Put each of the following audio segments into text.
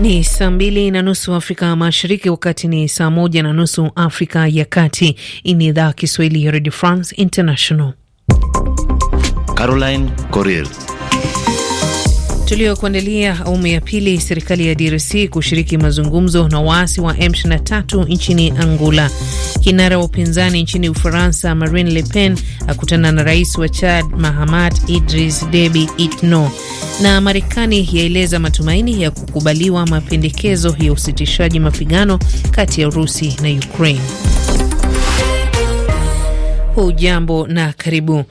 Ni saa mbili na nusu Afrika Mashariki, wakati ni saa moja na nusu Afrika ya Kati. Hii ni idhaa Kiswahili ya Radio France International. Caroline Coril kuandalia awamu ya pili. Serikali ya DRC kushiriki mazungumzo na waasi wa M23 nchini Angola. Kinara wa upinzani nchini Ufaransa Marine Le Pen akutana na rais wa Chad Mahamat Idris Deby Itno. Na Marekani yaeleza matumaini ya kukubaliwa mapendekezo ya usitishaji mapigano kati ya Urusi na Ukraine. Hujambo na karibu.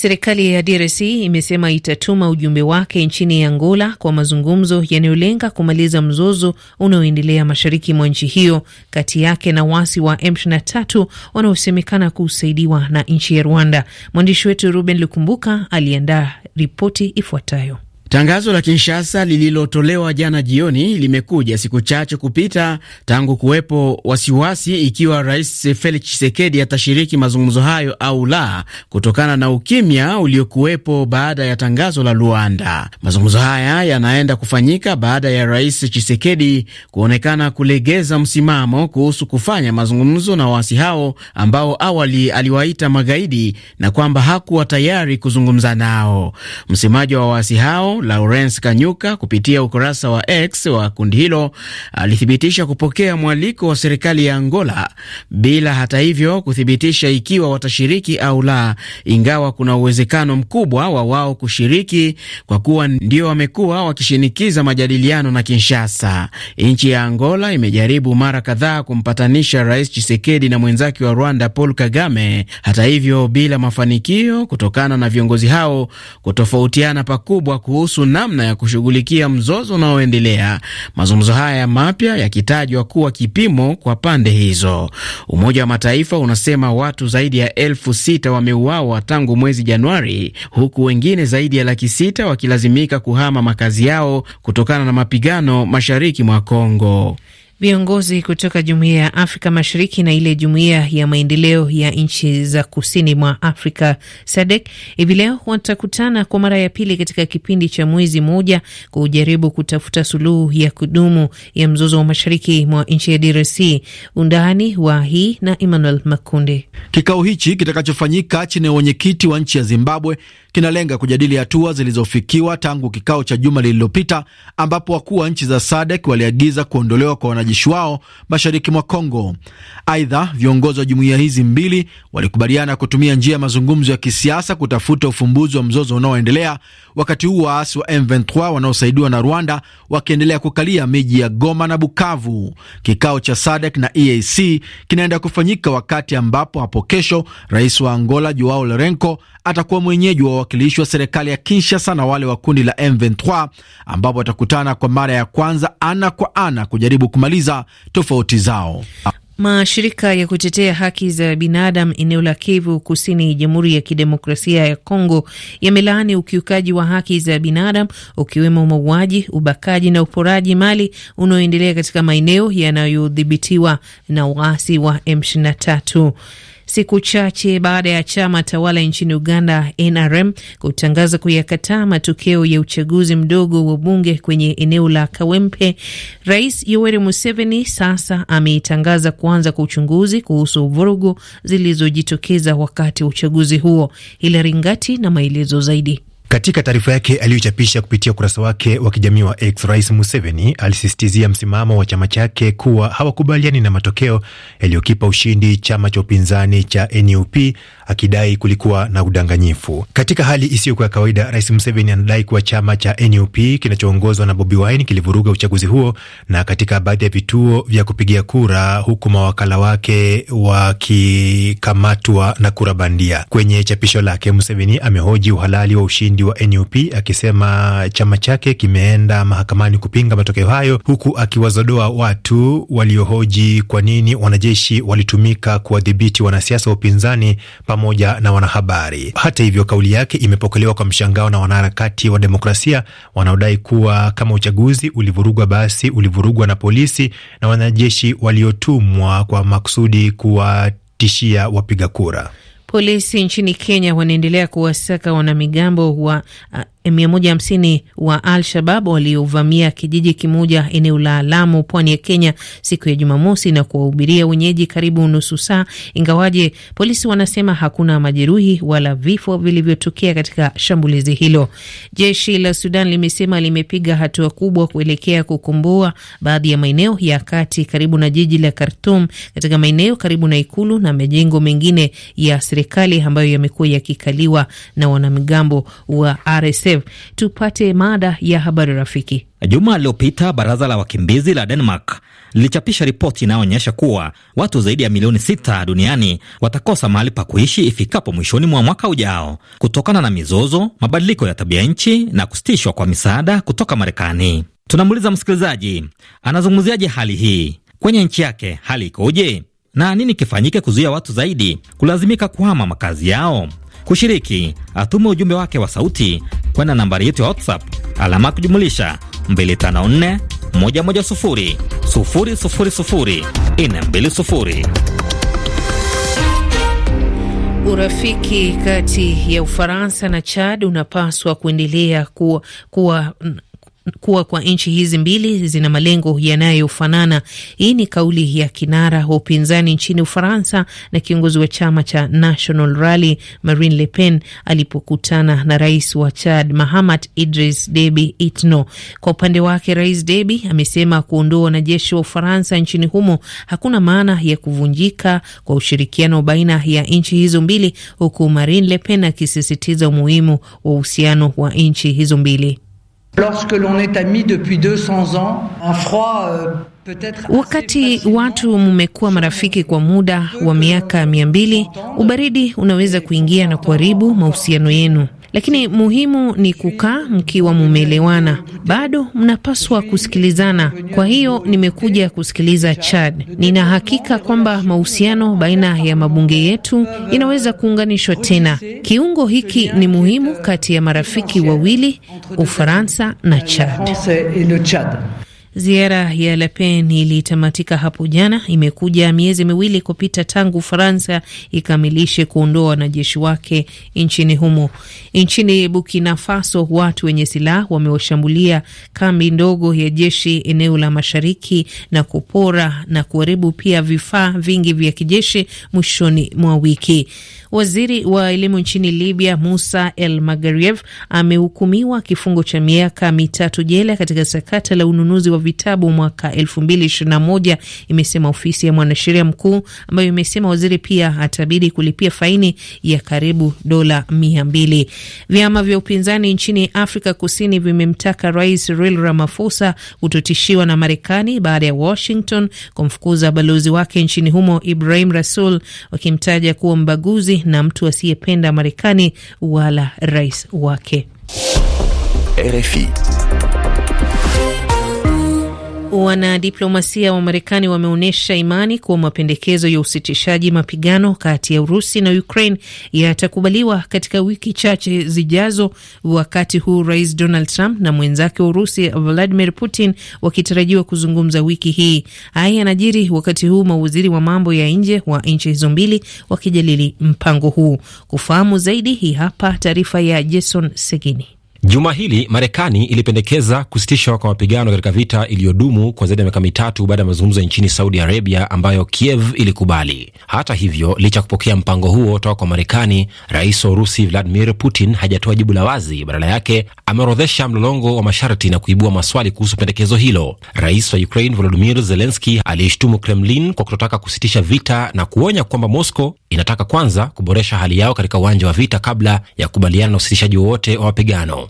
Serikali ya DRC imesema itatuma ujumbe wake nchini Angola kwa mazungumzo yanayolenga kumaliza mzozo unaoendelea mashariki mwa nchi hiyo kati yake na wasi wa M23 wanaosemekana kusaidiwa na nchi ya Rwanda. Mwandishi wetu Ruben Lukumbuka aliandaa ripoti ifuatayo. Tangazo la Kinshasa lililotolewa jana jioni limekuja siku chache kupita tangu kuwepo wasiwasi ikiwa Rais Felix Tshisekedi atashiriki mazungumzo hayo au la, kutokana na ukimya uliokuwepo baada ya tangazo la Luanda. Mazungumzo haya yanaenda kufanyika baada ya Rais Tshisekedi kuonekana kulegeza msimamo kuhusu kufanya mazungumzo na waasi hao ambao awali aliwaita magaidi na kwamba hakuwa tayari kuzungumza nao. Msemaji wa waasi hao Lawrence Kanyuka, kupitia ukurasa wa X wa kundi hilo alithibitisha kupokea mwaliko wa serikali ya Angola bila hata hivyo kuthibitisha ikiwa watashiriki au la, ingawa kuna uwezekano mkubwa wa wao kushiriki kwa kuwa ndio wamekuwa wakishinikiza majadiliano na Kinshasa. Nchi ya Angola imejaribu mara kadhaa kumpatanisha Rais chisekedi na mwenzake wa Rwanda Paul Kagame, hata hivyo bila mafanikio, kutokana na viongozi hao kutofautiana pakubwa kuhusu kuhusu namna ya kushughulikia mzozo unaoendelea, mazungumzo haya mapya yakitajwa kuwa kipimo kwa pande hizo. Umoja wa Mataifa unasema watu zaidi ya elfu sita wameuawa tangu mwezi Januari, huku wengine zaidi ya laki sita wakilazimika kuhama makazi yao kutokana na mapigano mashariki mwa Kongo. Viongozi kutoka Jumuiya ya Afrika Mashariki na ile Jumuiya ya Maendeleo ya Nchi za Kusini mwa Afrika SADC hivi leo watakutana kwa mara ya pili katika kipindi cha mwezi mmoja kujaribu kutafuta suluhu ya kudumu ya mzozo wa mashariki mwa nchi ya DRC. Undani wa hii na Emmanuel Makunde. Kikao hichi kitakachofanyika chini ya wenyekiti wa nchi ya Zimbabwe kinalenga kujadili hatua zilizofikiwa tangu kikao cha juma lililopita ambapo wakuu wa nchi za SADC waliagiza kuondolewa kwa wanajeshi wao mashariki mwa congo Aidha, viongozi wa jumuiya hizi mbili walikubaliana kutumia njia ya mazungumzo ya kisiasa kutafuta ufumbuzi wa mzozo unaoendelea, wakati huu waasi wa M23 wanaosaidiwa na Rwanda wakiendelea kukalia miji ya Goma na Bukavu. Kikao cha SADC na EAC kinaenda kufanyika wakati ambapo hapo kesho rais wa Angola Joao Lourenco atakuwa mwenyeji wa wawakilishi wa serikali ya Kinshasa na wale wa kundi la M23 ambapo watakutana kwa mara ya kwanza ana kwa ana kujaribu kumaliza tofauti zao. Mashirika ya kutetea haki za binadamu eneo la Kivu Kusini, Jamhuri ya Kidemokrasia ya Kongo yamelaani ukiukaji wa haki za binadamu ukiwemo mauaji, ubakaji na uporaji mali unaoendelea katika maeneo yanayodhibitiwa na waasi wa M23 siku chache baada ya chama tawala nchini Uganda NRM kutangaza kuyakataa matokeo ya uchaguzi mdogo wa bunge kwenye eneo la Kawempe, Rais Yoweri Museveni sasa ametangaza kuanza kwa uchunguzi kuhusu vurugu zilizojitokeza wakati wa uchaguzi huo. Hilaringati na maelezo zaidi. Katika taarifa yake aliyochapisha kupitia ukurasa wake wa kijamii wa X, Rais Museveni alisisitizia msimamo wa chama chake kuwa hawakubaliani na matokeo yaliyokipa ushindi chama cha upinzani cha NUP akidai kulikuwa na udanganyifu. Katika hali isiyokuwa ya kawaida, Rais Museveni anadai kuwa chama cha NUP kinachoongozwa na Bobi Wine kilivuruga uchaguzi huo na katika baadhi ya vituo vya kupigia kura, huku mawakala wake wakikamatwa na kura bandia. Kwenye chapisho lake, Museveni amehoji uhalali wa ushindi wa NUP akisema chama chake kimeenda mahakamani kupinga matokeo hayo, huku akiwazodoa watu waliohoji kwa nini wanajeshi walitumika kuwadhibiti wanasiasa wa upinzani pamoja na wanahabari. Hata hivyo, kauli yake imepokelewa kwa mshangao na wanaharakati wa demokrasia wanaodai kuwa kama uchaguzi ulivurugwa, basi ulivurugwa na polisi na wanajeshi waliotumwa kwa makusudi kuwatishia wapiga kura. Polisi nchini Kenya wanaendelea kuwasaka wanamigambo wa 150 wa Al-Shabab waliovamia kijiji kimoja eneo la Lamu, pwani ya Kenya, siku ya Jumamosi na kuwahubiria wenyeji karibu nusu saa, ingawaje polisi wanasema hakuna majeruhi wala vifo vilivyotokea katika shambulizi hilo. Jeshi la Sudan limesema limepiga hatua kubwa kuelekea kukomboa baadhi ya maeneo ya kati karibu na jiji la Khartoum, katika maeneo karibu na ikulu na majengo mengine ya serikali ambayo yamekuwa yakikaliwa na wanamgambo wa RS UNICEF. Tupate mada ya habari rafiki. Juma aliyopita baraza la wakimbizi la Denmark lilichapisha ripoti inayoonyesha kuwa watu zaidi ya milioni sita duniani watakosa mahali pa kuishi ifikapo mwishoni mwa mwaka ujao kutokana na mizozo, mabadiliko ya tabia nchi na kusitishwa kwa misaada kutoka Marekani. Tunamuuliza msikilizaji anazungumziaje hali hii kwenye nchi yake, hali ikoje na nini kifanyike kuzuia watu zaidi kulazimika kuhama makazi yao? Kushiriki atume ujumbe wake wa sauti kwenda nambari yetu ya WhatsApp alama ya kujumulisha 254 Urafiki kati ya Ufaransa na Chad unapaswa kuendelea kuwa, kuwa kuwa kwa nchi hizi mbili zina malengo yanayofanana. Hii ni kauli ya kinara wa upinzani nchini Ufaransa na kiongozi wa chama cha National Rally Marine Le Pen alipokutana na rais wa Chad Mahamat Idris debi Itno. Kwa upande wake, Rais debi amesema kuondoa wanajeshi wa Ufaransa nchini humo hakuna maana ya kuvunjika kwa ushirikiano baina ya nchi hizo mbili, huku Marine Le Pen akisisitiza umuhimu wa uhusiano wa nchi hizo mbili. Lorsque l'on est amis depuis 200 ans, un froid euh, peut-être. Wakati watu mmekuwa marafiki kwa muda wa miaka mia mbili, ubaridi unaweza kuingia na kuharibu mahusiano yenu lakini muhimu ni kukaa mkiwa mumeelewana, bado mnapaswa kusikilizana. Kwa hiyo nimekuja kusikiliza Chad. Nina hakika kwamba mahusiano baina ya mabunge yetu inaweza kuunganishwa tena. Kiungo hiki ni muhimu kati ya marafiki wawili, Ufaransa na Chad. Ziara ya Le Pen ilitamatika hapo jana. Imekuja miezi miwili kupita tangu Ufaransa ikamilishe kuondoa wanajeshi wake nchini humo. Nchini Burkina Faso, watu wenye silaha wamewashambulia kambi ndogo ya jeshi eneo la mashariki na kupora na kuharibu pia vifaa vingi vya kijeshi mwishoni mwa wiki. Waziri wa elimu nchini Libya Musa El Magariev amehukumiwa kifungo cha miaka mitatu jela katika sakata la ununuzi wa vitabu mwaka 2021 imesema ofisi ya mwanasheria mkuu, ambayo imesema waziri pia atabidi kulipia faini ya karibu dola 200. Vyama vya upinzani nchini Afrika Kusini vimemtaka Rais Cyril Ramaphosa kutotishiwa na Marekani baada ya Washington kumfukuza balozi wake nchini humo Ibrahim Rasul, wakimtaja kuwa mbaguzi na mtu asiyependa Marekani wala rais wake. RFI. Wanadiplomasia wa Marekani wameonyesha imani kuwa mapendekezo ya usitishaji mapigano kati ya Urusi na Ukraine yatakubaliwa katika wiki chache zijazo, wakati huu Rais Donald Trump na mwenzake wa Urusi Vladimir Putin wakitarajiwa kuzungumza wiki hii. Haya yanajiri wakati huu mawaziri wa mambo ya nje wa nchi hizo mbili wakijadili mpango huu. Kufahamu zaidi, hii hapa taarifa ya Jason Segini. Juma hili Marekani ilipendekeza kusitishwa kwa mapigano katika vita iliyodumu kwa zaidi ya miaka mitatu baada ya mazungumzo nchini Saudi Arabia ambayo Kiev ilikubali. Hata hivyo, licha ya kupokea mpango huo toka kwa Marekani, rais wa Urusi Vladimir Putin hajatoa jibu la wazi. Badala yake ameorodhesha mlolongo wa masharti na kuibua maswali kuhusu pendekezo hilo. Rais wa Ukraine Volodimir Zelenski aliyeshutumu Kremlin kwa kutotaka kusitisha vita na kuonya kwamba Moscow inataka kwanza kuboresha hali yao katika uwanja wa vita kabla ya kukubaliana na usitishaji wowote wa mapigano.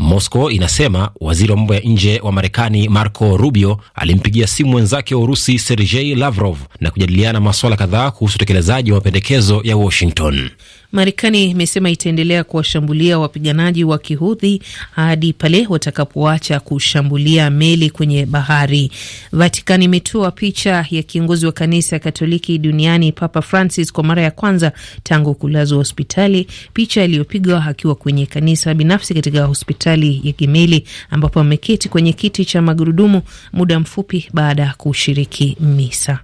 Moscow inasema waziri wa mambo ya nje wa Marekani Marco Rubio alimpigia simu mwenzake wa Urusi Sergei Lavrov na kujadiliana masuala kadhaa kuhusu utekelezaji wa mapendekezo ya Washington. Marekani imesema itaendelea kuwashambulia wapiganaji wa kihudhi hadi pale watakapoacha kushambulia meli kwenye bahari. Vatikani imetoa picha ya kiongozi wa kanisa Katoliki duniani Papa Francis kwa mara ya kwanza tangu kulazwa hospitali, picha iliyopigwa akiwa kwenye kanisa binafsi katika hospitali hospitali ya Gemeli ambapo ameketi kwenye kiti cha magurudumu muda mfupi baada ya kushiriki misa.